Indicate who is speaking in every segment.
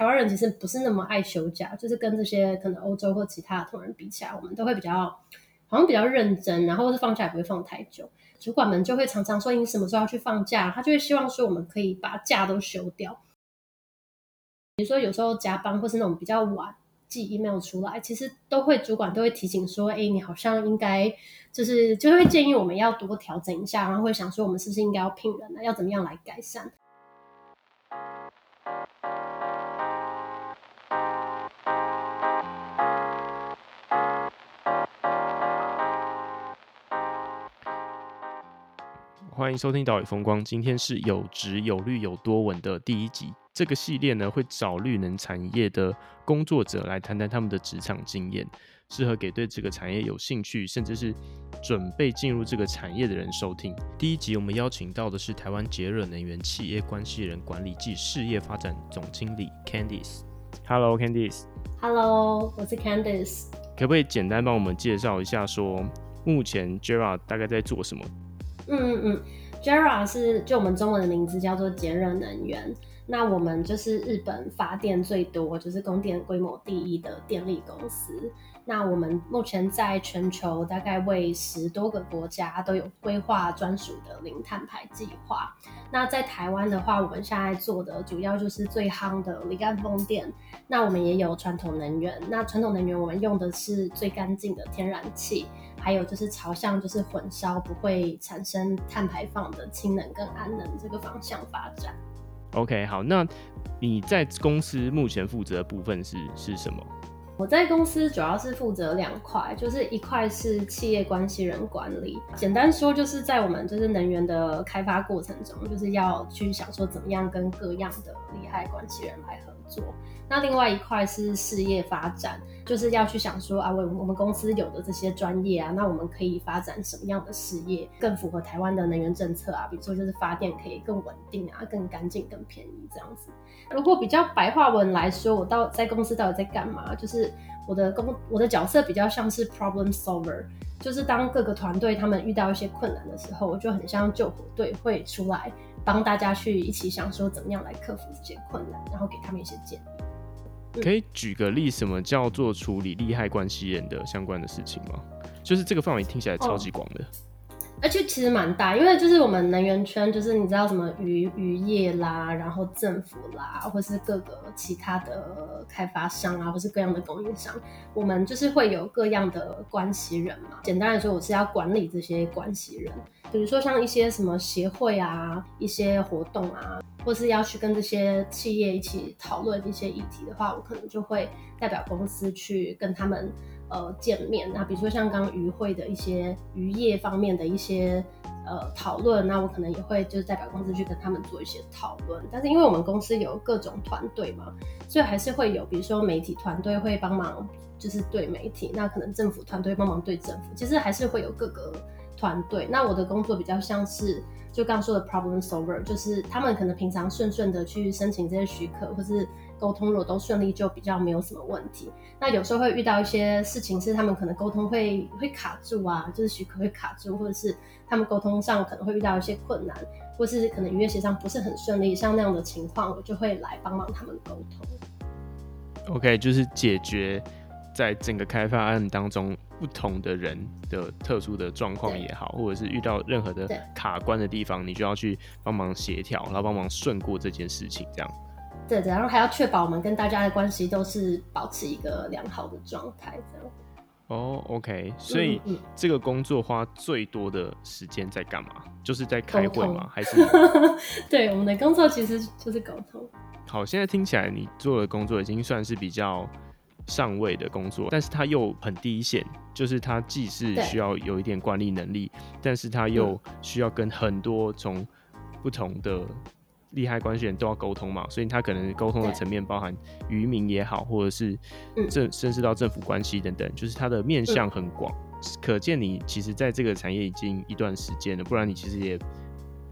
Speaker 1: 台灣人其實不是那麼愛休假，就是跟這些可能歐洲或其他的同仁比起來，我們都會比較好像比較認真，然後或是放假也不會放太久。主管們就會常常說：“你什麼時候要去放假？”他就會希望說我們可以把假都休掉。比如說有時候加班或是那種比較晚寄 email 出來，其實都會主管都會提醒說：“哎、欸，你好像應該就是就會建議我們要多調整一下。”然後會想說：“我們是不是應該要聘人了？要怎麼樣來改善？”
Speaker 2: 歡迎收聽島嶼風光。今天是有職有綠有多聞的第一集。這個系列呢，會找綠能產業的工作者來談談他們的職場經驗，適合給對這個產業有興趣，甚至是準備進入這個產業的人收聽。第一集我們邀請到的是台灣捷熱能源企業關係人管理暨事業發展總經理 Candice。Hello，Candice。
Speaker 1: Hello，我是 Candice。
Speaker 2: 可不可以簡單幫我們介紹一下，說目前 JERA 大概在做什麼？
Speaker 1: 嗯嗯嗯，JERA 是就我們中文的名字叫做捷熱能源。那我們就是日本發電最多，就是供電規模第一的電力公司。那我們目前在全球大概為十多個國家都有規劃專屬的零碳排計劃。那在台灣的話，我們現在做的主要就是最夯的離岸風電。那我們也有傳統能源，那傳統能源我們用的是最乾淨的天然氣。還有就是朝向就是混燒不會產生碳排放的氫能跟氨能這個方向發展。
Speaker 2: OK，好，那你在公司目前負責的部分是是什麼？
Speaker 1: 我在公司主要是負責兩塊，就是一塊是企業關係人管理，簡單說就是在我們就是能源的開發過程中，就是要去想說怎麼樣跟各樣的利害關係人來合作。做，那另外一塊是事業發展，就是要去想說啊，我我們公司有的這些專業啊，那我們可以發展什麼樣的事業更符合台灣的能源政策啊？比如說就是發電可以更穩定啊，更乾淨、更便宜這樣子。如果比較白話文來說，我到在公司到底在幹嘛？就是我的公，我的角色比較像是 problem solver，就是當各個團隊他們遇到一些困難的時候，我就很像救火隊會出來。幫大家去一起想說怎麼樣來克服這些困難，然後給他們一些建議。
Speaker 2: 可以舉個例，什麼叫做處理利害關係人的相關的事情嗎？就是這個範圍聽起來超級廣的。哦
Speaker 1: 而且其實蠻大，因為就是我們能源圈，就是你知道什麼漁漁業啦，然後政府啦，或是各個其他的開發商啊，或是各樣的供應商，我們就是會有各樣的關係人嘛。簡單來說，我是要管理這些關係人。比如說像一些什麼協會啊，一些活動啊，或是要去跟這些企業一起討論一些議題的話，我可能就會代表公司去跟他們。呃，見面，那比如說像剛剛漁會的一些漁業方面的一些呃討論，那我可能也會就是代表公司去跟他們做一些討論。但是因為我們公司有各種團隊嘛，所以還是會有比如說媒體團隊會幫忙就是對媒體，那可能政府團隊幫忙對政府，其實還是會有各個團隊。那我的工作比較像是就剛剛說的 problem solver，就是他們可能平常順順的去申請這些許可，或是。溝通若都順利，就比較沒有什麼問題。那有時候會遇到一些事情，是他們可能溝通會會卡住啊，就是許可會卡住，或者是他們溝通上可能會遇到一些困難，或是可能漁業協商不是很順利，像那樣的情況，我就會來幫忙他們溝通。
Speaker 2: OK，就是解決在整個開發案當中不同的人的特殊的狀況也好，對或者是遇到任何的卡關的地方，對你就要去幫忙協調，然後幫忙順過這件事情，這樣。
Speaker 1: 對，然後還要確保
Speaker 2: 我們跟大家的關係都是保持一個良好的狀態這樣子。哦、oh，OK，所以這個工作花最多的時間在幹嘛？嗯、就是在開會嗎？通還是
Speaker 1: 對，我們的工作其實就是溝
Speaker 2: 通。好，現在聽起來你做的工作已經算是比較上位的工作，但是它又很低線，就是它既是需要有一點管理能力，對但是它又需要跟很多從不同的。嗯利害關係人都要溝通嘛，所以他可能溝通的層面包含漁民也好，對或者是政，嗯、甚至到政府關係等等，就是他的面向很廣。嗯、可見你其實在這個產業已經一段時間了，不然你其實也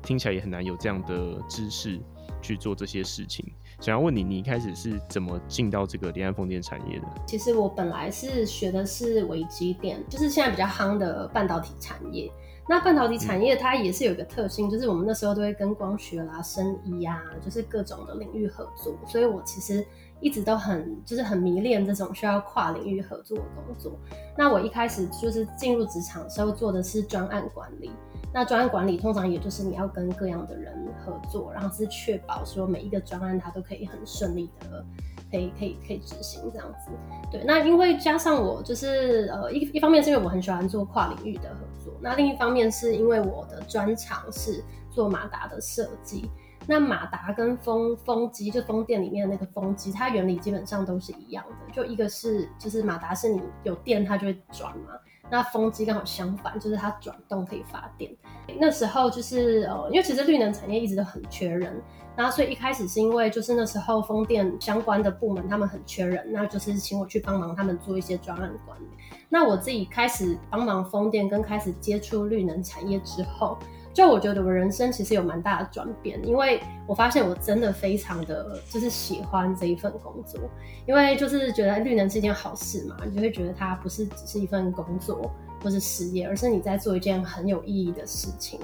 Speaker 2: 聽起來也很難有這樣的知識去做這些事情。想要問你，你一開始是怎麼進到這個離岸風電產業的？
Speaker 1: 其實我本來是學的是微機電，就是現在比較夯的半導體產業。那半導體產業它也是有一個特性，就是我們那時候都會跟光學啦、啊、生醫呀、啊，就是各種的領域合作。所以我其實一直都很就是很迷戀這種需要跨領域合作的工作。那我一開始就是進入職場的時候做的是專案管理。那專案管理通常也就是你要跟各樣的人合作，然後是確保說每一個專案它都可以很順利的。可以可以可以執行這樣子，對。那因為加上我就是呃一一方面是因為我很喜歡做跨領域的合作，那另一方面是因為我的專長是做馬達的設計。那馬達跟風、風機就風電裡面的那個風機，它原理基本上都是一樣的，就一個是就是馬達是你有電它就會轉嘛，啊。那風機剛好相反，就是它轉動可以發電。那時候就是呃、哦，因為其實綠能產業一直都很缺人，然後所以一開始是因為就是那時候風電相關的部門他們很缺人，那就是請我去幫忙他們做一些專案管理。那我自己開始幫忙風電跟開始接觸綠能產業之後。就我覺得我人生其實有蠻大的轉變，因為我發現我真的非常的就是喜歡這一份工作，因為就是覺得綠能是一件好事嘛，你就會覺得它不是只是一份工作或是事業，而是你在做一件很有意義的事情，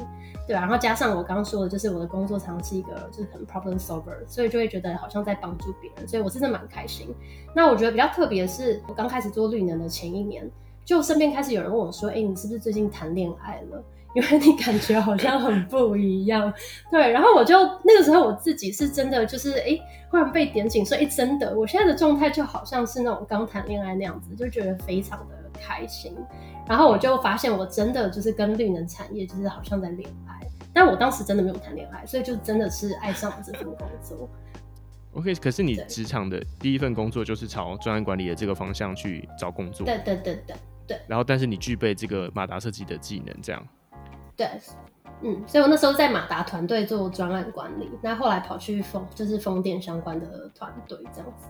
Speaker 1: 對、啊、然後加上我剛剛說的，就是我的工作常，常是一個就是很 problem solver，所以就會覺得好像在幫助別人，所以我真的蠻開心。那我覺得比較特別是，我剛開始做綠能的前一年，就身邊開始有人問我說：“哎、欸，你是不是最近談戀愛了？”因為你感覺好像很不一樣， 對，然後我就那個時候我自己是真的就是哎、欸，忽然被點醒所以、欸、真的，我現在的狀態就好像是那種剛談戀愛那樣子，就覺得非常的開心。然後我就發現我真的就是跟綠能產業就是好像在戀愛，但我當時真的沒有談戀愛，所以就真的是愛上了這份工作。
Speaker 2: OK， 可是你職場的第一份工作就是朝專案管理的這個方向去找工作，對對,
Speaker 1: 對對對對對。
Speaker 2: 然後，但是你具備這個馬達設計的技能，這樣。
Speaker 1: 對，嗯，所以我那時候在馬達團隊做專案管理，那後來跑去風，就是風電相關的團隊這樣子。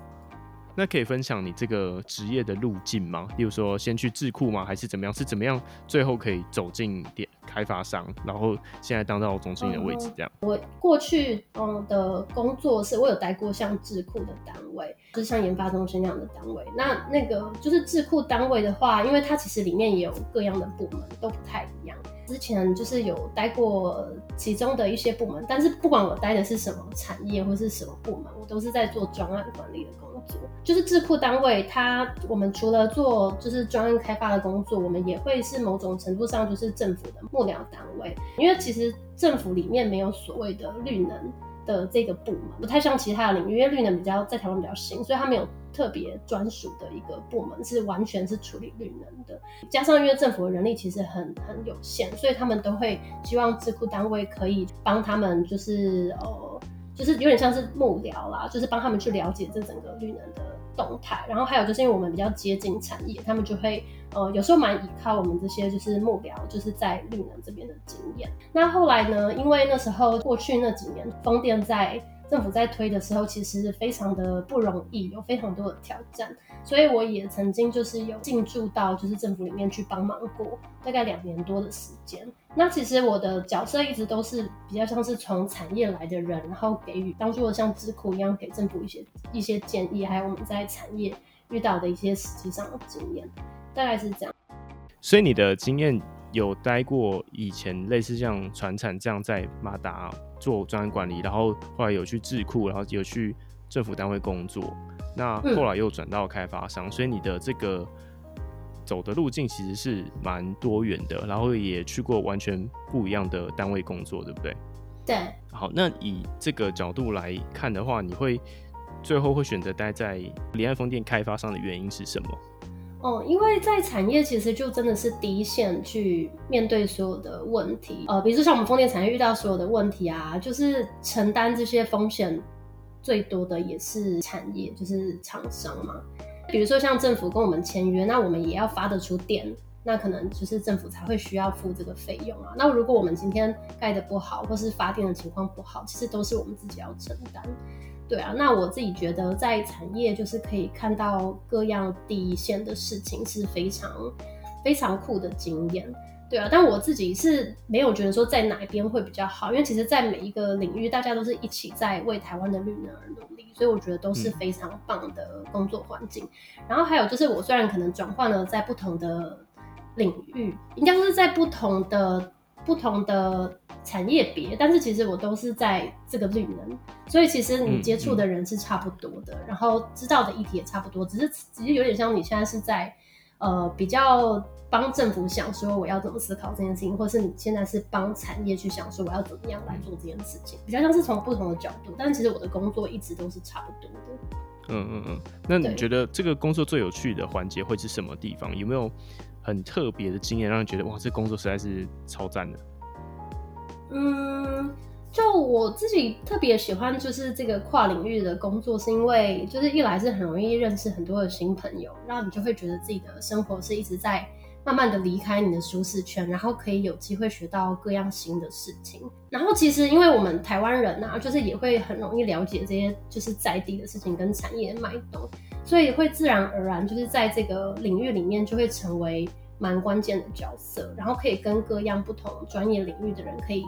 Speaker 2: 那可以分享你這個職業的路徑嗎？例如說先去智庫嗎？還是怎麼樣？是怎麼樣最後可以走進電開發商，然後現在當到總經理的位置，這樣，嗯。
Speaker 1: 我過去嗯的工作是，我有待過像智庫的單位，就是像研發中心那樣的單位。那那個就是智庫單位的話，因為它其實裡面也有各樣的部門，都不太一樣。之前就是有待過其中的一些部門，但是不管我待的是什麼產業或是什麼部門，我都是在做專案管理的工作。就是智庫單位，它我們除了做就是專案開發的工作，我們也會是某種程度上就是政府的。幕僚單位，因為其實政府裡面沒有所謂的綠能的這個部門，不太像其他的領域。因為綠能比較在台灣比較新，所以他們有特別專屬的一個部門，是完全是處理綠能的。加上因為政府的人力其實很很有限，所以他們都會希望智庫單位可以幫他們，就是呃，就是有點像是幕僚啦，就是幫他們去了解這整個綠能的動態。然後還有就是因為我們比較接近產業，他們就會。呃，有時候蠻依靠我們這些就是幕僚，就是在綠能這邊的經驗。那後來呢，因為那時候過去那幾年風電在政府在推的時候，其實非常的不容易，有非常多的挑戰。所以我也曾經就是有進駐到就是政府裡面去幫忙過，大概兩年多的時間。那其實我的角色一直都是比較像是從產業來的人，然後給予當初的像智庫一樣給政府一些一些建議，還有我們在產業遇到的一些實際上的經驗。大概是
Speaker 2: 這樣，所以你的經驗有待過以前類似像傳產這樣在馬達做專案管理，然後後來有去智庫，然後有去政府單位工作，那後來又轉到開發商。嗯、所以你的這個走的路徑其實是蠻多元的，然後也去過完全不一樣的單位工作，對不對？對。好，那以這個角度來看的話，你會最後會選擇待在離岸風電開發商的原因是什麼？
Speaker 1: 哦，因為在產業其實就真的是第一線去面對所有的問題，呃，比如說像我們風電產業遇到所有的問題啊，就是承擔這些風險最多的也是產業，就是廠商嘛。比如說像政府跟我們簽約，那我們也要發得出電，那可能就是政府才會需要付這個費用啊。那如果我們今天蓋得不好，或是發電的情況不好，其實都是我們自己要承擔。對啊，那我自己覺得在產業就是可以看到各樣第一線的事情，是非常非常酷的經驗。對啊，但我自己是沒有覺得說在哪一邊會比較好，因為其實，在每一個領域，大家都是一起在為台灣的綠能而努力，所以我覺得都是非常棒的工作環境。嗯、然後還有就是，我雖然可能轉換了在不同的領域，應該是在不同的。不同的產業別，但是其實我都是在這個綠能，所以其實你接觸的人是差不多的，嗯嗯、然後知道的議題也差不多，只是只是有點像你現在是在，呃，比較幫政府想說我要怎麼思考這件事情，或是你現在是幫產業去想說我要怎麼樣來做這件事情，比較像是從不同的角度，但其實我的工作一直都是差不多的。嗯
Speaker 2: 嗯嗯，那你覺得這個工作最有趣的環節會是什麼地方？有沒有？很特別的經驗，讓你覺得哇，這個工作實在是超讚的。嗯，
Speaker 1: 就我自己特別喜歡，就是這個跨領域的工作，是因為就是一來是很容易認識很多的新朋友，讓你就會覺得自己的生活是一直在。慢慢的離開你的舒適圈，然後可以有機會學到各樣新的事情。然後其實，因為我們台灣人啊，就是也會很容易了解這些就是在地的事情跟產業脈動，所以會自然而然就是在這個領域裡面就會成為蠻關鍵的角色。然後可以跟各樣不同專業領域的人可以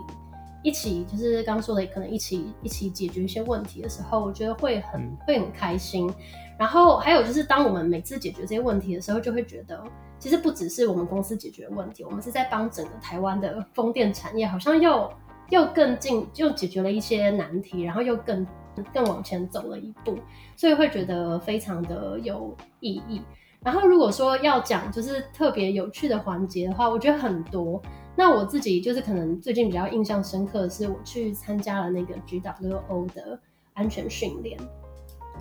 Speaker 1: 一起，就是剛剛說的，可能一起一起解決一些問題的時候，我覺得會很、嗯、會很開心。然後還有就是，當我們每次解決這些問題的時候，就會覺得。其實不只是我們公司解決問題，我們是在幫整個台灣的風電產業，好像又又更進，又解決了一些難題，然後又更更往前走了一步，所以會覺得非常的有意義。然後如果說要講就是特別有趣的環節的話，我覺得很多。那我自己就是可能最近比較印象深刻的是，我去參加了那個 GWO 的安全訓練，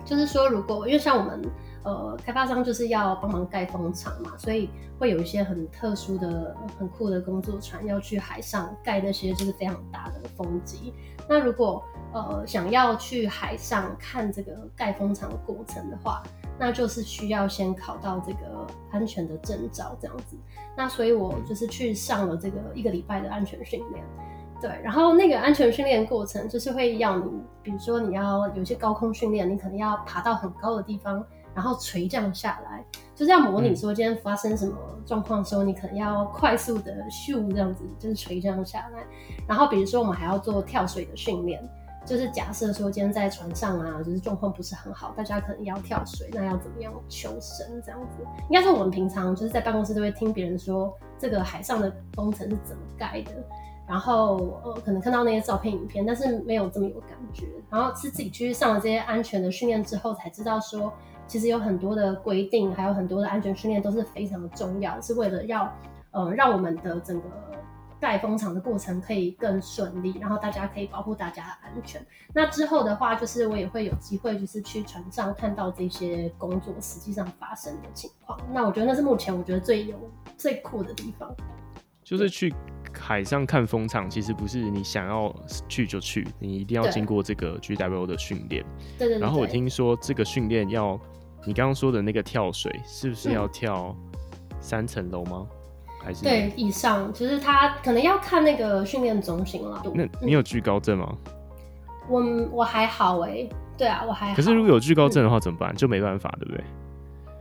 Speaker 1: 就是說如果因為像我們。呃，開發商就是要幫忙蓋風場嘛，所以會有一些很特殊的、很酷的工作船要去海上蓋那些就是非常大的風機。那如果呃想要去海上看這個蓋風場的過程的話，那就是需要先考到這個安全的證照這樣子。那所以我就是去上了這個一個禮拜的安全訓練。對，然後那個安全訓練過程就是會要你，比如說你要有些高空訓練，你可能要爬到很高的地方。然後垂降下來，就是要模擬說今天發生什麼狀況的時候，嗯、你可能要快速的咻這樣子，就是垂降下來。然後比如說我們還要做跳水的訓練，就是假設說今天在船上啊，就是狀況不是很好，大家可能要跳水，那要怎麼樣求生這樣子？應該說我們平常就是在辦公室都會聽別人說這個海上的工程是怎麼蓋的，然後呃可能看到那些照片影片，但是沒有這麼有感覺。然後是自己去上了這些安全的訓練之後，才知道說，其實有很多的規定，還有很多的安全訓練都是非常的重要，是為了要呃讓我們的整個蓋風場的過程可以更順利，然後大家可以保護大家的安全。那之後的話，就是我也會有機會，就是去船上看到這些工作實際上發生的情況。那我覺得那是目前我覺得最有最酷的地方，
Speaker 2: 就是去海上看風場，其實不是你想要去就去，你一定要經過這個 GWO 的訓練。對對，
Speaker 1: 對，對對。然後我聽
Speaker 2: 說這個訓練要。你剛剛說的那個跳水是不是要跳三層樓嗎？嗯、還是對
Speaker 1: 以上，其實他可能要看那個訓練中心了。那你有
Speaker 2: 懼高症嗎？嗯、
Speaker 1: 我我還好哎、欸，對啊，我還好。可是
Speaker 2: 如果有懼高症的話怎麼辦？嗯、就沒辦法，對不對？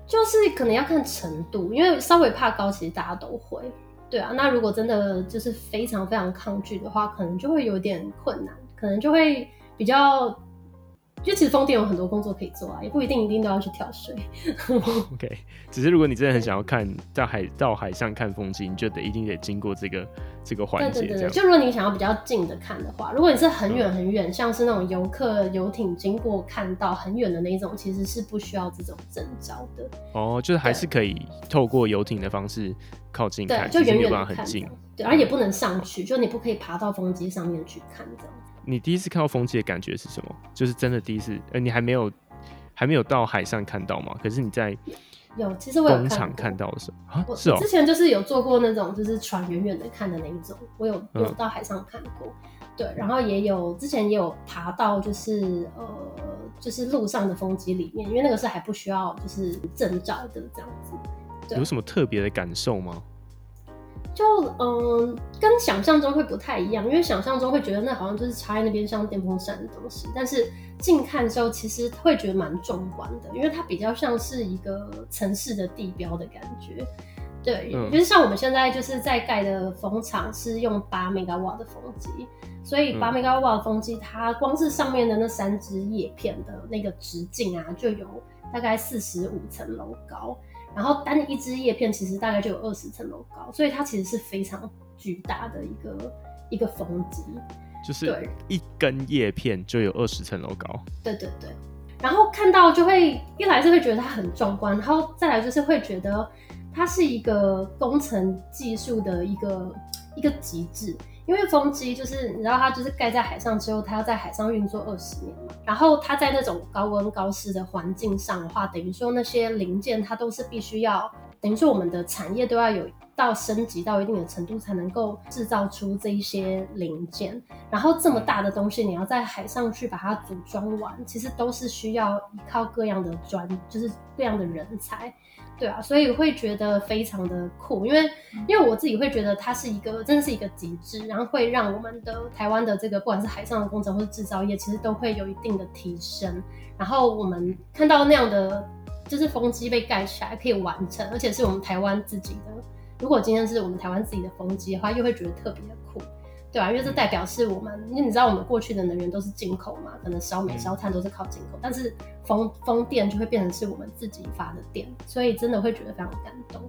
Speaker 1: 就是可能要看程度，因為稍微怕高，其實大家都會。對啊，那如果真的就是非常非常抗拒的話，可能就會有點困難，可能就會比較。就其實風電有很多工作可以做啊，也不一定一定都要去跳水。
Speaker 2: OK，只是如果你真的很想要看在海對到海上看風機，你就得一定得經過這個這個環節。對對對，就
Speaker 1: 如果你想要比較近的看的話，如果你是很遠很遠，嗯、像是那種遊客遊艇經過看到很遠的那種，其實是不需要這種證照的。
Speaker 2: 哦，就是還是可以透過遊艇的方式靠近看，就遠遠很近。嗯、
Speaker 1: 對，而也不能上去，就你不可以爬到風機上面去看這樣。
Speaker 2: 你第一次看到風機的感覺是什麼？就是真的第一次，呃，你還沒有還沒有到海上看到嗎？可是你在
Speaker 1: 有，其實我有工廠看
Speaker 2: 到的時候啊，我是哦，之前
Speaker 1: 就是有坐過那種就是船遠遠的看的那一種，我有有到海上看過，嗯、對，然後也有之前也有爬到就是呃就是陸上的風機裡面，因為那個時候還不需要就是證照的這樣子。有
Speaker 2: 什麼特別的感受嗎？
Speaker 1: 就嗯，跟想象中會不太一樣，因為想象中會覺得那好像就是插在那邊像電風扇的東西，但是近看之後，其實會覺得蠻壯觀的，因為它比較像是一個城市的地標的感覺。對，嗯，就是像我們現在就是在蓋的風場是用八 megawatt 的風機，所以八 megawatt 的風機它光是上面的那三只葉片的那個直徑啊，就有大概四十五層樓高。然後單一支葉片，其實大概就有二十層樓高，所以它其實是非常巨大的一個一個風機，
Speaker 2: 就是一根葉片就有二十層樓高。
Speaker 1: 對。對對對，然後看到就會一來就會覺得它很壯觀，然後再來就是會覺得它是一個工程技術的一個一個極致。因為風機就是你知道它就是蓋在海上之後，它要在海上運作二十年嘛。然後它在那種高溫高濕的環境上的話，等於說那些零件它都是必須要，等於說我們的產業都要有到升級到一定的程度才能夠製造出這一些零件。然後這麼大的東西，你要在海上去把它組裝完，其實都是需要依靠各樣的專，就是各樣的人才。對啊，所以會覺得非常的酷，因為、嗯、因為我自己會覺得它是一個真的是一個極致，然後會讓我們的台灣的這個不管是海上的工程或者製造業，其實都會有一定的提升。然後我們看到那樣的就是風機被蓋起來可以完成，而且是我們台灣自己的。如果今天是我們台灣自己的風機的話，又會覺得特別的酷。對啊，因為這代表是我們，因為你知道我們過去的能源都是進口嘛，可能燒煤、燒炭都是靠進口，嗯、但是風風電就會變成是我們自己發的電，所以真的會覺得非常感動。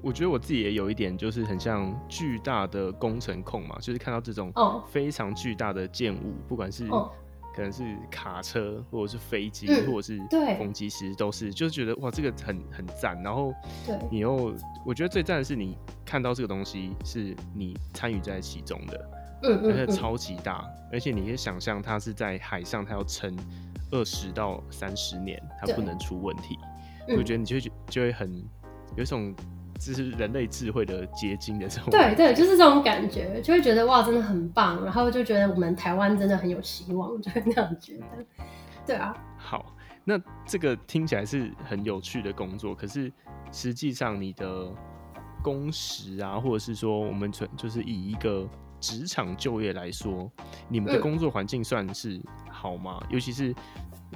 Speaker 2: 我覺得我自己也有一點，就是很像巨大的工程控嘛，就是看到這種非常巨大的建物，哦、不管是、哦、可能是卡車或者是飛機、嗯、或者是風機其實都是，對就是覺得哇，這個很很讚。然後你又，對我覺得最讚的是你看到這個東西是你參與在其中的。嗯，而且超級大，嗯嗯嗯，而且你可以想象它是在海上，它要撐二十到三十年，它不能出問題。嗯、我覺得你就就會很有一種就是人類智慧的結晶的這種感覺。對對，就是這種
Speaker 1: 感覺，就會覺得哇，真的很棒。然後就覺得我們台灣真的很有希望，就會那樣覺得。對
Speaker 2: 啊。好，那這個聽起來是很有趣的工作，可是實際上你的工時啊，或者是說我們存，就是以一個。職場就業來說，你們的工作環境算是好嗎？嗯、尤其是，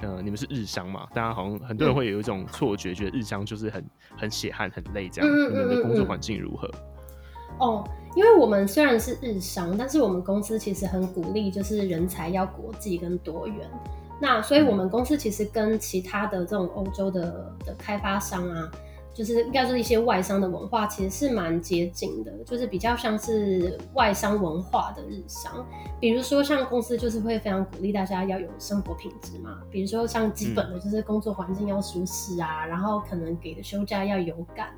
Speaker 2: 呃，你們是日商嘛，大家好像很多人會有一種錯覺，嗯、覺得日商就是很很血汗、很累這樣。嗯、你們的工作環境如何？嗯
Speaker 1: 嗯嗯。哦，因為我們雖然是日商，但是我們公司其實很鼓勵，就是人才要國際跟多元。那所以，我們公司其實跟其他的這種歐洲的的開發商啊。就是應該說一些外商的文化其實是蠻接近的，就是比較像是外商文化的日商，比如說像公司就是會非常鼓勵大家要有生活品質嘛，比如說像基本的就是工作環境要舒適啊，嗯、然後可能給的休假要有感。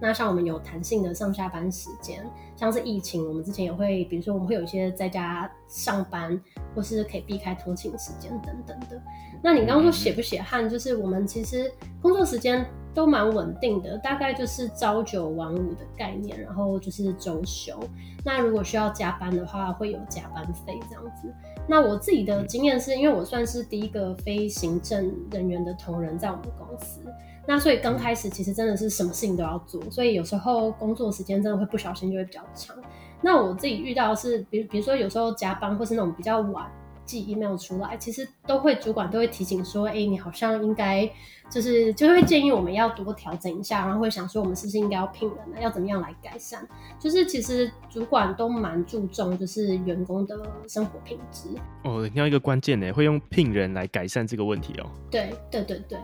Speaker 1: 那像我們有彈性的上下班時間，像是疫情，我們之前也會，比如說我們會有一些在家上班，或是可以避開通勤時間等等的。那你剛剛說血不血汗，就是我們其實工作時間都蠻穩定的，大概就是朝九晚五的概念，然後就是周休。那如果需要加班的話，會有加班費這樣子。那我自己的經驗是，因為我算是第一個非行政人員，的同仁在我們公司，那所以剛開始其實真的是什麼事情都要做，所以有時候工作時間真的會不小心就會比較長。那我自己遇到的是，比如比如說有時候加班或是那種比較晚，寄 email 出來，其實都會主管都會提醒說，哎、欸，你好像應該就是就會建議我們要多調整一下，然後會想說我們是不是應該要聘人呢？要怎麼樣來改善？就是其實主管都蠻注重就是員工的生活品質
Speaker 2: 哦。你要一個關鍵呢，會用聘人來改善這個問題哦、喔。
Speaker 1: 對對對對。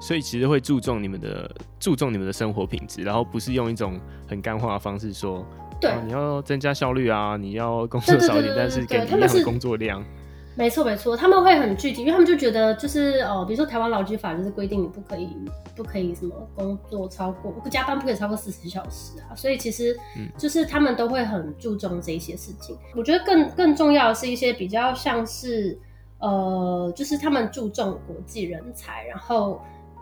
Speaker 2: 所以其實會注重你們的注重你們的生活品質，然後不是用一種很幹話的方式說，對、嗯，你要增加效率啊，你要工作少一點，對對對對，但是給你一樣的工作量。
Speaker 1: 沒錯沒錯，他們會很具體，因為他們就覺得就是哦、呃，比如說台灣勞基法就是規定你不可以不可以，什麼工作超過不加班不可以超過四十小時啊，所以其實，就是他們都會很注重這一些事情。嗯、我覺得更更重要的是一些比較像是，呃，就是他們注重國際人才，然後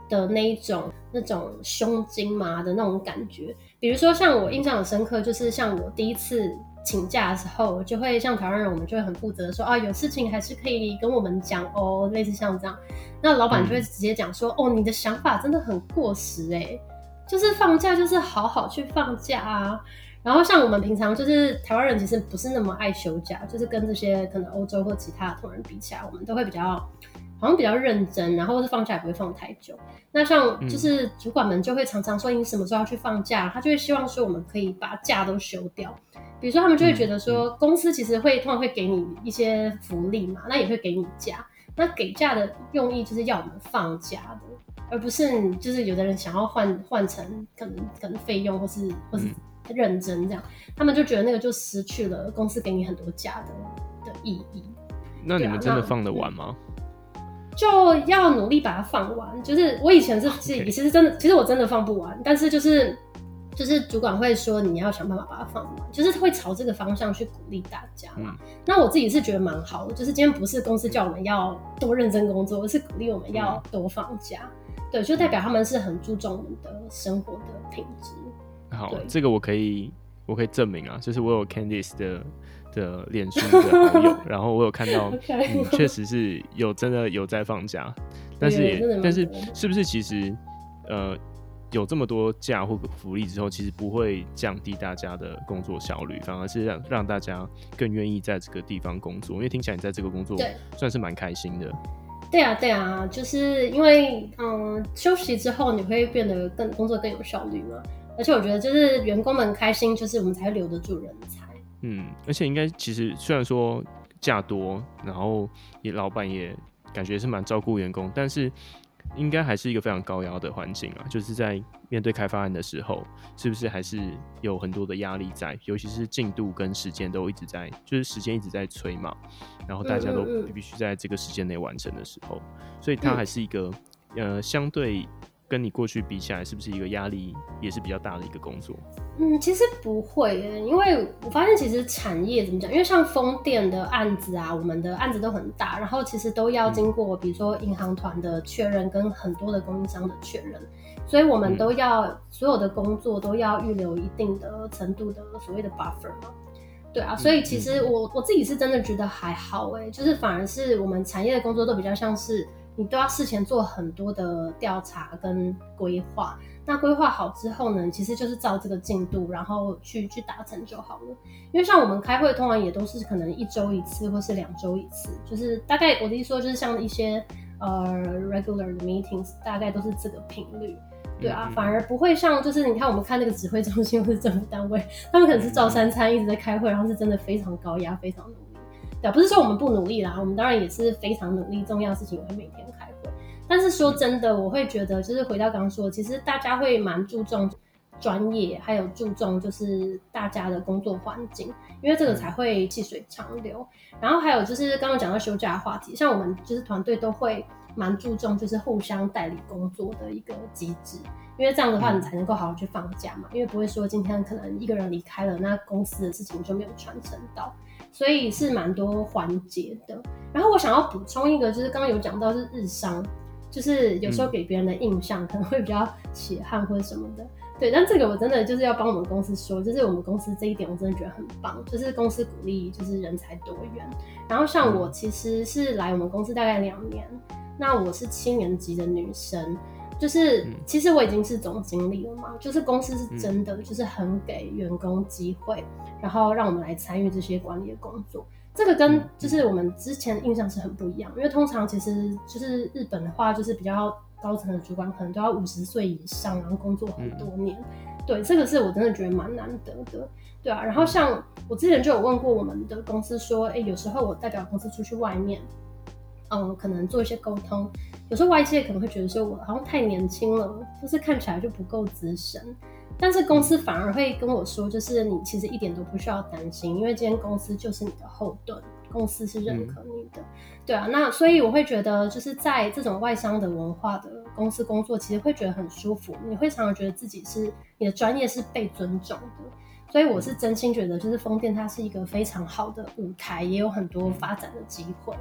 Speaker 1: 的那一種那種胸襟嘛的那種感覺。比如說像我印象很深刻，就是像我第一次。請假的時候，就會像台灣人，我們就會很負責說啊，有事情還是可以跟我們講哦，類似像這樣。那老板就會直接講說，嗯、哦，你的想法真的很過時哎、欸，就是放假就是好好去放假啊。然後像我們平常就是台灣人，其實不是那麼愛休假，就是跟這些可能歐洲或其他的同仁比起來，我們都會比較。好像比較認真，然後或是放假也不會放太久。那像就是主管們就會常常說，你什麼時候要去放假？嗯、他就會希望說，我們可以把假都休掉。比如說，他們就會覺得說，公司其實會、嗯、通常會給你一些福利嘛，那也會給你假。那給假的用意就是要我們放假的，而不是就是有的人想要換換成可能可能費用或是或是認真這樣，嗯、他們就覺得那個就失去了公司給你很多假的的意義。
Speaker 2: 那你們真的放得完嗎？
Speaker 1: 就要努力把它放完，就是我以前是自己，其實真的，其實我真的放不完，但是就是就是主管會說你要想辦法把它放完，就是會朝這個方向去鼓勵大家嘛。嗯、那我自己是覺得蠻好的，就是今天不是公司叫我們要多認真工作，而是鼓勵我們要多放假，嗯、對，就代表他們是很注重我們的生活的品質。
Speaker 2: 好，對這個我可以我可以證明啊，就是我有 Candice 的。的臉書的好友， 然後我有看到你確 Okay、嗯、實是有真的有在放假， 但是也 但是是不是其實呃有這麼多假或福利之後，其實不會降低大家的工作效率，反而是讓讓大家更願意在這個地方工作，因為聽起來你在這個工作對算是蠻開心的
Speaker 1: 對。對啊，對啊，就是因為嗯、呃、休息之後你會變得更工作更有效率嘛，而且我覺得就是員工們開心，就是我們才會留得住人才。
Speaker 2: 嗯，而且應該其實雖然說價多，然後也老板也感覺也是蠻照顧員工，但是應該還是一個非常高壓的環境啊。就是在面對開發案的時候，是不是還是有很多的壓力在？尤其是進度跟時間都一直在，就是時間一直在催嘛，然後大家都必須在這個時間內完成的時候，所以它還是一個呃相對。跟你過去比起來，是不是一個壓力也是比較大的一個工作？
Speaker 1: 嗯，其實不會，因為我發現其實產業怎麼講，因為像風電的案子啊，我們的案子都很大，然後其實都要經過，比如說銀行團的確認，跟很多的供應商的確認，所以我們都要、嗯、所有的工作都要預留一定的程度的所謂的 buffer 嘛。對啊，所以其實我嗯嗯我自己是真的覺得還好誒，就是反而是我們產業的工作都比較像是。你都要事前做很多的調查跟規劃。那規劃好之後呢，其實就是照這個進度，然後去去達成就好了。因為像我們開會，通常也都是可能一周一次，或是兩周一次，就是大概我的意思說，就是像一些呃 regular meetings，大概都是這個頻率，嗯嗯對啊，反而不會像就是你看我們看那個指揮中心或是政府單位，他們可能是照三餐一直在開會，嗯嗯然後是真的非常高壓，非常。也不是說我們不努力啦，我們當然也是非常努力。重要事情也會每天開會，但是說真的，我會覺得就是回到剛剛說，其實大家會蠻注重專業，還有注重就是大家的工作環境，因為這個才會細水長流。然後還有就是剛剛講到休假的話題，像我們就是團隊都會蠻注重就是互相代理工作的一個機制，因為這樣的話你才能夠好好去放假嘛，因為不會說今天可能一個人離開了，那公司的事情就沒有傳承到。所以是蠻多環節的，然後我想要補充一個，就是剛剛有講到是日商，就是有時候給別人的印象可能會比較血汗或者什麼的，對，但這個我真的就是要幫我們公司說，就是我們公司這一點我真的覺得很棒，就是公司鼓勵就是人才多元，然後像我其實是來我們公司大概兩年，那我是七年級的女生。就是，其實我已經是總經理了嘛。嗯、就是公司是真的，就是很給員工機會，嗯、然後讓我們來參與這些管理的工作。這個跟就是我們之前的印象是很不一樣，因為通常其實就是日本的話，就是比較高層的主管可能都要五十歲以上，然後工作很多年。嗯、對，這個是我真的覺得蠻難得的，對啊。然後像我之前就有問過我們的公司說，誒，有時候我代表公司出去外面。嗯，可能做一些溝通，有時候外界可能會覺得說，我好像太年輕了，就是看起來就不夠資深。但是公司反而會跟我說，就是你其實一點都不需要擔心，因為今天公司就是你的後盾，公司是認可你的，嗯、對啊。那所以我會覺得，就是在這種外商的文化的公司工作，其實會覺得很舒服。你會常常覺得自己是你的專業是被尊重的。所以我是真心覺得，就是風電它是一個非常好的舞台，也有很多發展的機會。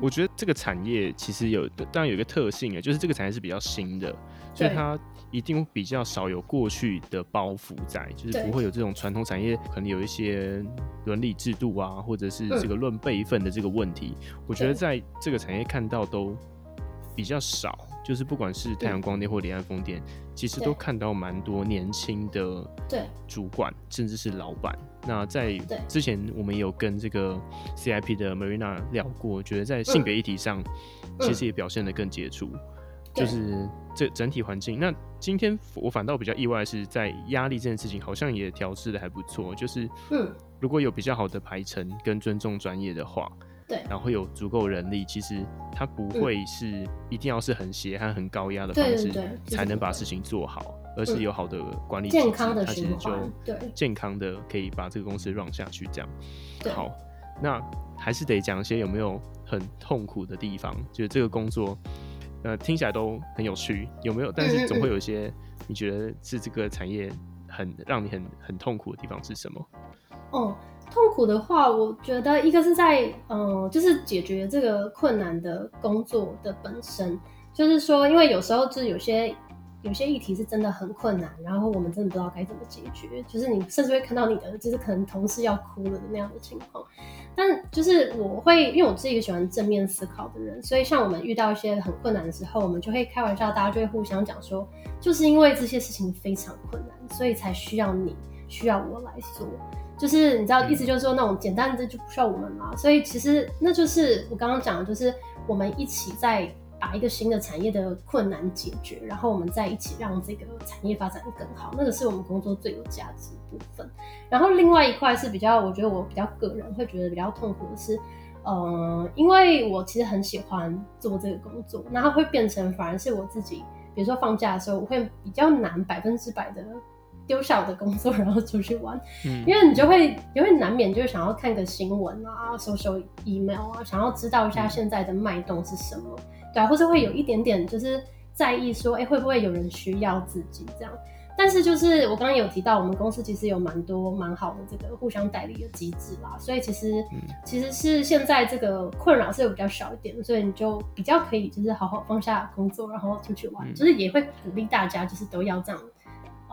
Speaker 2: 我覺得這個產業其實有，當然有一個特性啊，就是這個產業是比較新的，所以對它一定比較少有過去的包袱在，就是不會有這種傳統產業對可能有一些倫理制度啊，或者是這個論輩分的這個問題。對我覺得在這個產業看到都比較少，就是不管是太陽光電或離岸風電，嗯、其實都看到蠻多年輕的主管，對甚至是老闆。那在之前我們有跟這個 C I P 的 Marina 聊過，對覺得在性別議題上，其實也表現得更傑出，嗯嗯、就是這整體環境。對那今天我反倒比較意外是，在壓力這件事情，好像也調適得還不錯。就是如果有比較好的排程跟尊重專業的話。對，然後會有足夠人力，其實它不會是一定要是很血汗很高壓的方式才能把事情做好，對對對就是，而是有好的管理，健康的它其實就健康的可以把這個公司 run 下去這樣。對好，那還是得講一些有沒有很痛苦的地方？就是這個工作，呃，聽起來都很有趣，有沒有？但是總會有一些嗯嗯你覺得是這個產業很讓你很很痛苦的地方是什麼？哦。
Speaker 1: 痛苦的話，我覺得一個是在，嗯、呃，就是解決這個困難的工作的本身，就是說，因為有時候就是有些有些議題是真的很困難，然後我們真的不知道該怎麼解決，就是你甚至會看到你的，就是可能同事要哭了的那樣的情況。但就是我會，因為我是一個喜歡正面思考的人，所以像我們遇到一些很困難的時候，我們就會開玩笑，大家就會互相講說，就是因為這些事情非常困難，所以才需要你，需要我來做。就是你知道，嗯、意思就是說那種簡單的就不需要我們嘛、啊。所以其實那就是我剛剛講的，就是我們一起在把一個新的產業的困難解決，然後我們在一起讓這個產業發展更好，那個是我們工作最有價值的部分。然後另外一塊是比較，我覺得我比較個人會覺得比較痛苦的是，嗯、呃，因為我其實很喜歡做這個工作，那它會變成反而是我自己，比如說放假的時候，我會比較難百分之百的。丟下我的工作，然後出去玩，嗯，因為你就會，也會難免就是想要看個新聞啊，收收 email 啊，想要知道一下現在的脈動是什麼，嗯、對啊，或者會有一點點就是在意說，哎、嗯，會不會有人需要自己這樣？但是就是我剛剛有提到，我們公司其實有蠻多蠻好的這個互相代理的機制啦，所以其實、嗯、其實是現在這個困擾是有比較少一點，所以你就比較可以就是好好放下工作，然後出去玩，嗯、就是也會鼓勵大家，就是都要這樣。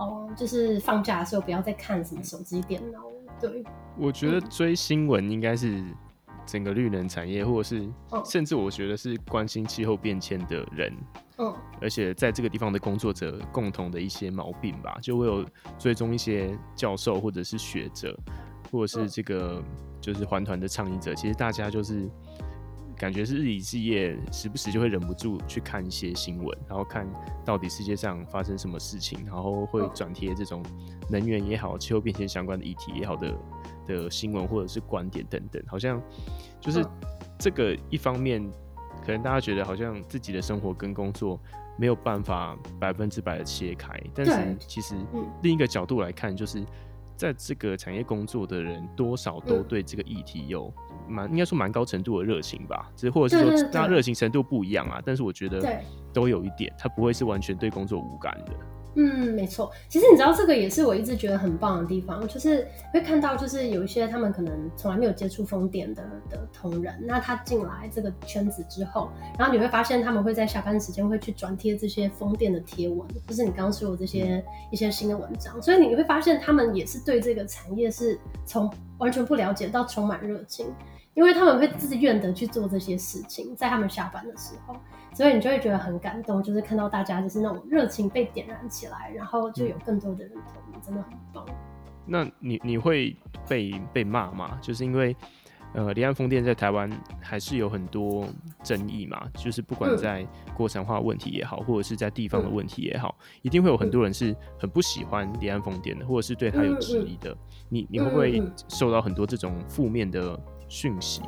Speaker 1: 哦，oh, 就是放假的時候不要再
Speaker 2: 看什麼手機、電腦了。對，我覺得追新聞應該是整個綠能產業，嗯、或者是甚至我覺得是關心氣候變遷的人，嗯，而且在這個地方的工作者共同的一些毛病吧，就我有追蹤一些教授或者是學者，或者是這個就是環團的倡議者，其實大家就是。感覺是日以繼夜，時不時就會忍不住去看一些新聞，然後看到底世界上發生什麼事情，然後會轉貼這種能源也好、氣候變遷相關的議題也好的的新聞或者是觀點等等。好像就是這個一方面，嗯、可能大家覺得好像自己的生活跟工作沒有辦法百分之百的切開，但是其實另一個角度來看，就是在這個產業工作的人，多少都對這個議題有。蠻應該說蠻高程度的熱情吧，只是或者是說，那熱情程度不一樣啊。對對對，但是我覺得，對，都有一點，他不會是完全對工作無感的。
Speaker 1: 嗯，沒錯。其實你知道，這個也是我一直覺得很棒的地方，就是會看到，就是有一些他們可能從來沒有接觸風電的的同仁，那他進來這個圈子之後，然後你會發現他們會在下班時間會去轉貼這些風電的貼文，就是你剛剛說的這些一些新的文章。嗯，所以你會發現，他們也是對這個產業是從完全不了解到充滿熱情。因為他們會自願的去做這些事情，在他們下班的時候，所以你就會覺得很感動，就是看到大家就是那種熱情被點燃起來，然後就有更多的人同意，真的
Speaker 2: 很棒。嗯、那你你會被被罵嗎？就是因為呃，離岸風電在台灣還是有很多爭議嘛，就是不管在國產化問題也好，或者是在地方的問題也好，嗯、一定會有很多人是很不喜歡離岸風電的，或者是對他有質疑的。嗯嗯，你你會不會受到很多這種負面的？訊息，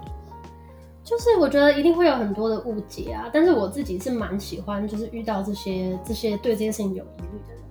Speaker 1: 就是我覺得一定會有很多的誤解啊，但是我自己是蠻喜歡，就是遇到這些這些對這些事情有疑慮的。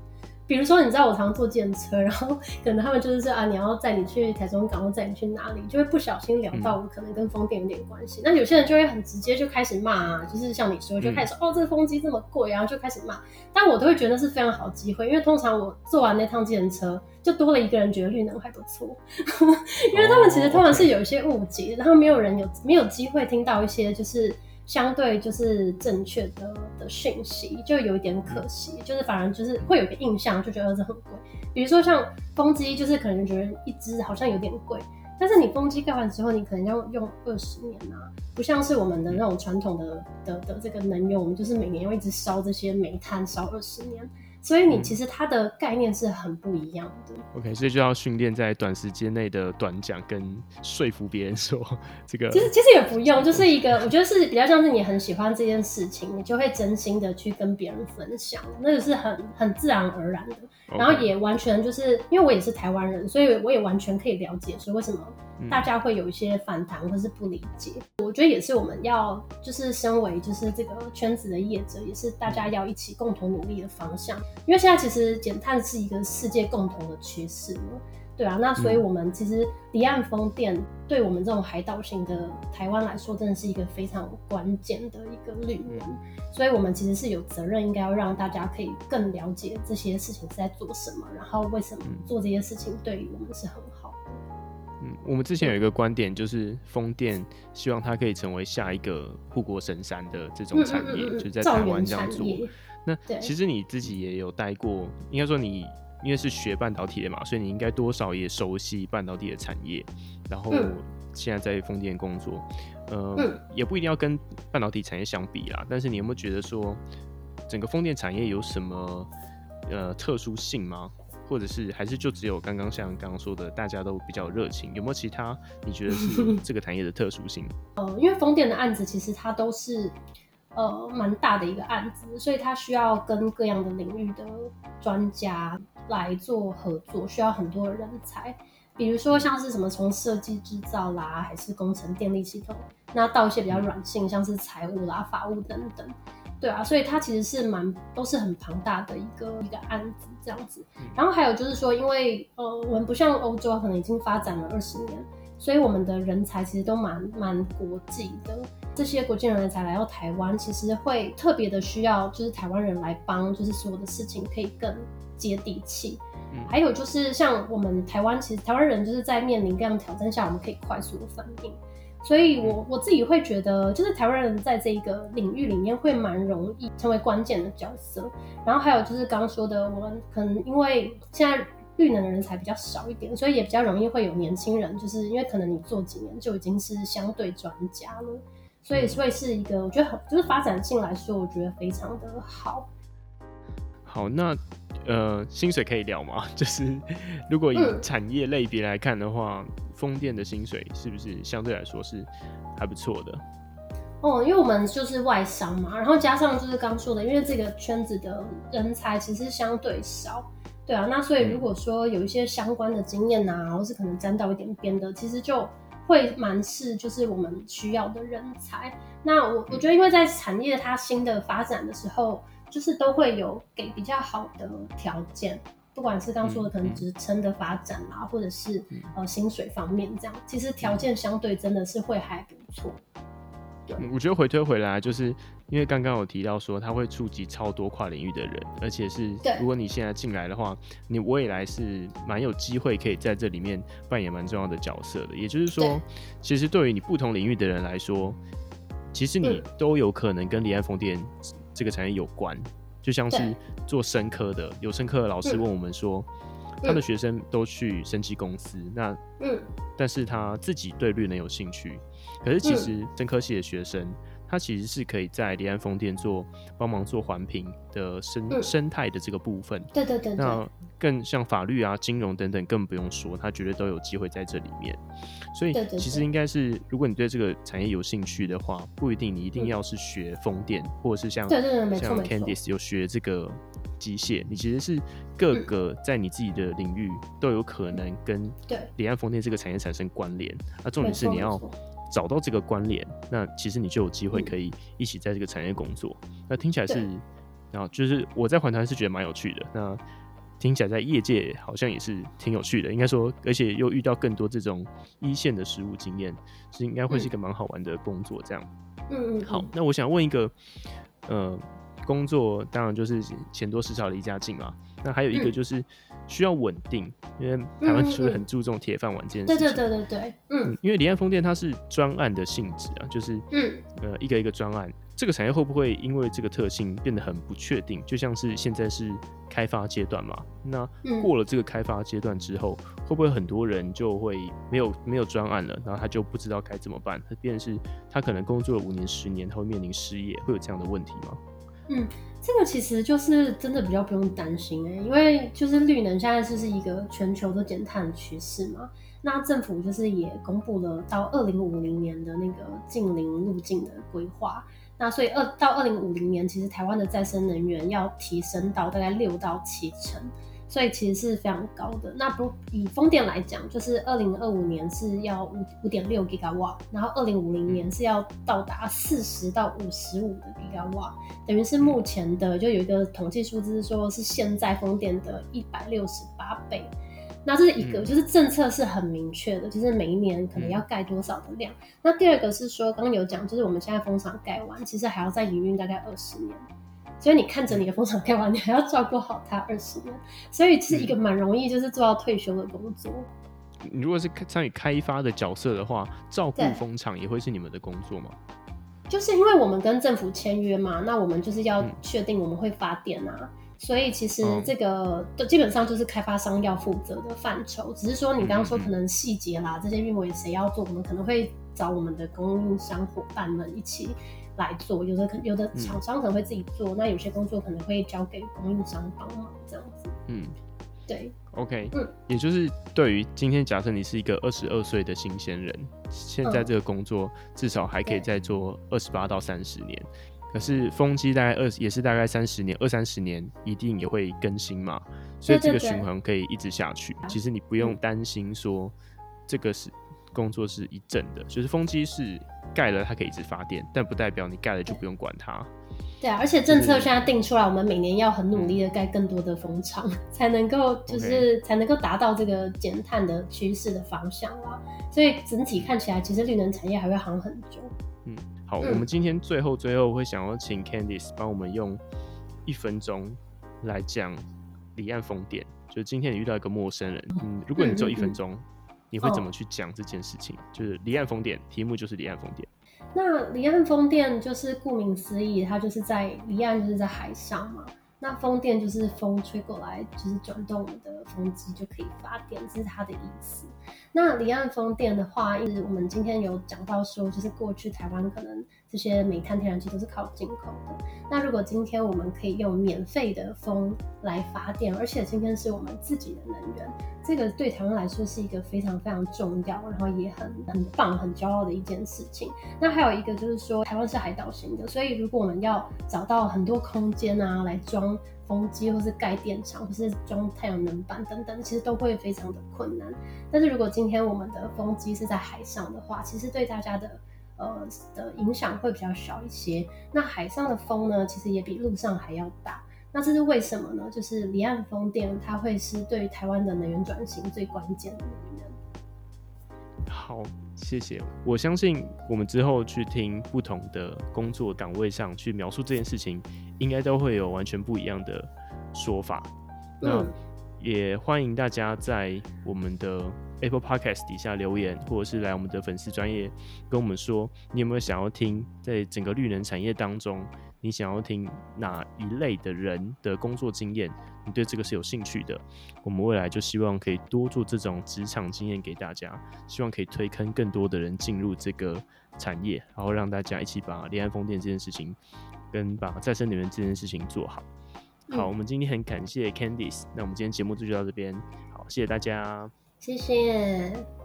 Speaker 1: 比如說，你知道我常常坐電車，然後可能他們就是說啊，你要載你去台中港或載你去哪裡，就會不小心聊到我可能跟風電有點關係。嗯、那有些人就會很直接就開始罵、啊，就是像你說，就開始說、嗯、哦，這個風機這麼貴、啊，然後就開始罵。但我都會覺得是非常好機會，因為通常我坐完那趟電車，就多了一個人覺得綠能還不錯， 因為他們其實通常是有一些誤解，oh, okay. 然後沒有人有沒有機會聽到一些就是。相對就是正確的的訊息，就有一點可惜，就是反而就是會有一個印象，就覺得這很貴。比如說像風機，就是可能覺得一只好像有點貴，但是你風機蓋完之後，你可能要用二十年吶、啊，不像是我們的那種傳統的的的這個能源，我們就是每年要一直燒這些煤炭燒二十年。所以你其實它的概念是很不一樣的。
Speaker 2: 嗯、OK，所以就要訓練在短時間內的短講跟說服別人說這個。其實其
Speaker 1: 實也不用，就是一個 我覺得是比較像是你很喜歡這件事情，你就會真心的去跟別人分享，那個是很很自然而然的。Okay. 然後也完全就是因為我也是台灣人，所以我也完全可以了解，所以為什麼，大家會有一些反彈或是不理解，我覺得也是我們要就是身為就是這個圈子的業者，也是大家要一起共同努力的方向。因為現在其實減碳是一個世界共同的趨勢嘛，對啊。那所以我們其實離岸風電對我們這種海島型的台灣來說，真的是一個非常關鍵的一個綠能。所以我們其實是有責任，應該要讓大家可以更了解這些事情是在做什麼，然後為什麼做這些事情對於我們是很好。
Speaker 2: 嗯，我們之前有一個觀點，對就是風電希望它可以成為下一個護國神山的這種產業，嗯嗯嗯，就是在台灣這樣做。那其實你自己也有待過，對應該說你因為是學半導體的嘛，所以你應該多少也熟悉半導體的產業。然後現在在風電工作，呃、嗯，也不一定要跟半導體產業相比啦。但是你有沒有覺得說，整個風電產業有什麼呃特殊性嗎？或者是還是就只有剛剛像剛剛說的，大家都比較熱情，有沒有其他你覺得是這個產業的特殊性？
Speaker 1: 呃，因為風電的案子其實它都是呃蠻大的一個案子，所以它需要跟各樣的領域的專家來做合作，需要很多人才，比如說像是什麼從設計製造啦，還是工程電力系統，那到一些比較軟性，像是財務啦、法務等等。對啊，所以它其實是蠻都是很龐大的一個一個案子這樣子。然後還有就是說，因為呃，我們不像歐洲，可能已經發展了二十年，所以我們的人才其實都蠻蠻國際的。這些國際人才來到台灣，其實會特別的需要，就是台灣人來幫，就是所有的事情可以更接地氣。嗯、還有就是像我們台灣，其實台灣人就是在面臨這樣挑戰下，我們可以快速的反應。所以我，我我自己會覺得，就是台灣人在這一個領域裡面會蠻容易成為關鍵的角色。然後還有就是剛剛說的，我們可能因為現在綠能的人才比較少一點，所以也比較容易會有年輕人，就是因為可能你做幾年就已經是相對專家了，所以會是一個我覺得很就是發展性來說，我覺得非常的好。
Speaker 2: 好，那呃，薪水可以聊嗎？就是如果以產業類別來看的話。嗯。風電的薪水是不是相對來說是還不錯的？
Speaker 1: 哦，因為我們就是外商嘛，然後加上就是剛、剛說的，因為這個圈子的人才其實相對少，對啊，那所以如果說有一些相關的經驗啊，或是可能沾到一點邊的，其實就會蠻是就是我們需要的人才。那我我覺得，因為在產業它新的發展的時候，就是都會有給比較好的條件。不管是剛，剛說的可能職稱的發展啊，嗯、或者是、嗯、呃薪水方面這樣，其實條件相對真的是
Speaker 2: 會還不錯。對。我覺得回推回來，就是因為剛剛有提到說，它會觸及超多跨領域的人，而且是如果你現在進來的話，對你未來是蠻有機會可以在這裡面扮演蠻重要的角色的。也就是說，對其實對於你不同領域的人來說，其實你都有可能跟離岸風電這個產業有關。嗯就像是做生科的，對有生科的老師問我們說，
Speaker 1: 嗯、他的學
Speaker 2: 生都去生技公司，嗯、那、嗯、但是他自己對綠能有興趣，可是其實生科系的學生。它其實是可以在離岸風電做幫忙做環評的生、嗯、生態的這個部分，對，對對對。那更像法律啊、金融等等，更不用說，他絕對都有機會在這裡面。所以其實應該是，如果你對這個產業有興趣的話，不一定你一定要是學風電，嗯、或者是像對對對像 Candice 有學這個機械，錯你其實是各個在你自己的領域都有可能跟離岸風電這個產業產生關聯。那對、啊、重點是你要找到這個關聯，那其實你就有機會可以一起在這個產業工作。嗯、那聽起來是，然後對就是我在環團是覺得蠻有趣的。那聽起來在業界好像也是挺有趣的，應該說，而且又遇到更多這種一線的實務經驗，是應該會是一個蠻好玩的工作。這樣，嗯嗯，好，那我想問一個，呃，工作當然就是錢多事少離家近嘛。那還有一個就是需要穩定，嗯、因為台灣其實很注重鐵飯碗這件事
Speaker 1: 情，對、嗯、對對對對，
Speaker 2: 嗯，因為離岸風電它是專案的性質啊，就是嗯呃一個一個專案，這個產業會不會因為這個特性變得很不確定？就像是現在是開發階段嘛，那過了這個開發階段之後，嗯、會不會很多人就會沒有沒有專案了，然後他就不知道該怎麼辦？他便是他可能工作了五年、十年，他會面臨失業，會有這樣的問題嗎？
Speaker 1: 嗯，這個其實就是真的比較不用擔心哎、欸，因為就是綠能現在就是一個全球都減碳的趨勢嘛，那政府就是也公布了到二零五零年的那個淨零路徑的規劃，那所以二到二零五零年，其實台灣的再生能源要提升到大概六到七成。所以其實是非常高的。那不以風電來講，就是二零二五年是要五五點六吉瓦，然後二零五零年是要到達四十到五十五的吉瓦，嗯，等於是目前的就有一個統計數字，說是現在風電的一百六十八倍。那這是一個，嗯、就是政策是很明確的，就是每一年可能要蓋多少的量。嗯、那第二個是說，剛剛有講，就是我們現在風場蓋完，其實還要再營運大概二十年。所以你看着你的風場開完，你還要照顧好它二十年，所以是一個蠻容易就是做到退休的工作。
Speaker 2: 嗯、你如果是參與開發的角色的話，照顧風場也會是你們的工作嗎？
Speaker 1: 就是因為我們跟政府簽約嘛，那我們就是要確定我們會發電啊，嗯、所以其實這個、嗯、基本上就是開發商要負責的範疇。只是說你剛剛說可能細節啦，嗯嗯這些運維誰要做，我們可能會找我們的供應商伙伴們一起。來做，有的可有的廠商可能會自
Speaker 2: 己做，嗯、那有些工作可能會
Speaker 1: 交給供應商
Speaker 2: 幫忙這樣子。嗯，對，OK，嗯，也就是對於今天，假設你是一個二十二歲的新鮮人，現在這個工作至少還可以再做二十八到三十年，對可是風機大概二也是大概三十年，二三十年一定也會更新嘛，所以這個循環可以一直下去。對對對，其實你不用擔心說這個是。工作是一陣的，就是風機是蓋了，它可以一直發電，但不代表你蓋了就不用管它對。對啊，而且政策、就是、現在
Speaker 1: 定出來，我們每年要很努力的蓋更多的風場，嗯、才能夠就是 Okay. 才能夠達到這個減碳的趨勢的方向啦、啊。所以整體看起來，其實綠能產業還會好很久。嗯，
Speaker 2: 好，嗯、我們今天最後最後會想要請 Candice 幫我們用一分鐘來講離岸風電。就今天你遇到一個陌生人，嗯，如果你只有一分鐘。嗯嗯你會怎麼去講這件事情？哦，就是離岸風電，題目就是離岸風電。
Speaker 1: 那離岸風電就是顧名思義，它就是在離岸，就是在海上嘛。那風電就是風吹過來，就是轉動你的風機就可以發電，這是它的意思。那離岸風電的話，因為我們今天有講到說，就是過去台灣可能。這些煤炭、天然氣都是靠進口的。那如果今天我們可以用免費的風來發電，而且今天是我們自己的能源，這個對台灣來說是一個非常非常重要，然後也很很棒、很驕傲的一件事情。那還有一個就是說，台灣是海島型的，所以如果我們要找到很多空間啊，來裝風機，或是蓋電廠，或是裝太陽能板等等，其實都會非常的困難。但是如果今天我們的風機是在海上的話，其實對大家的。呃，的影響會比較小一些。那海上的風呢，其實也比陸上還要大。那這是為什麼呢？就是離岸風電，它會是對於台灣的能源轉型最關鍵的
Speaker 2: 能源。好，謝謝。我相信我們之後去聽不同的工作崗位上去描述這件事情，應該都會有完全不一樣的說法。嗯。那也歡迎大家在我們的。Apple Podcast 底下留言，或者是來我們的粉絲專頁跟我們說，你有沒有想要聽？在整個綠能產業當中，你想要聽哪一類的人的工作經驗？你對這個是有興趣的？我們未來就希望可以多做這種職場經驗給大家，希望可以推坑更多的人進入這個產業，然後讓大家一起把離岸風電這件事情跟把再生能源這件事情做好。嗯、好，我們今天很感謝 Candice，那我們今天節目就就到這邊，好，謝謝大家。
Speaker 1: 謝謝。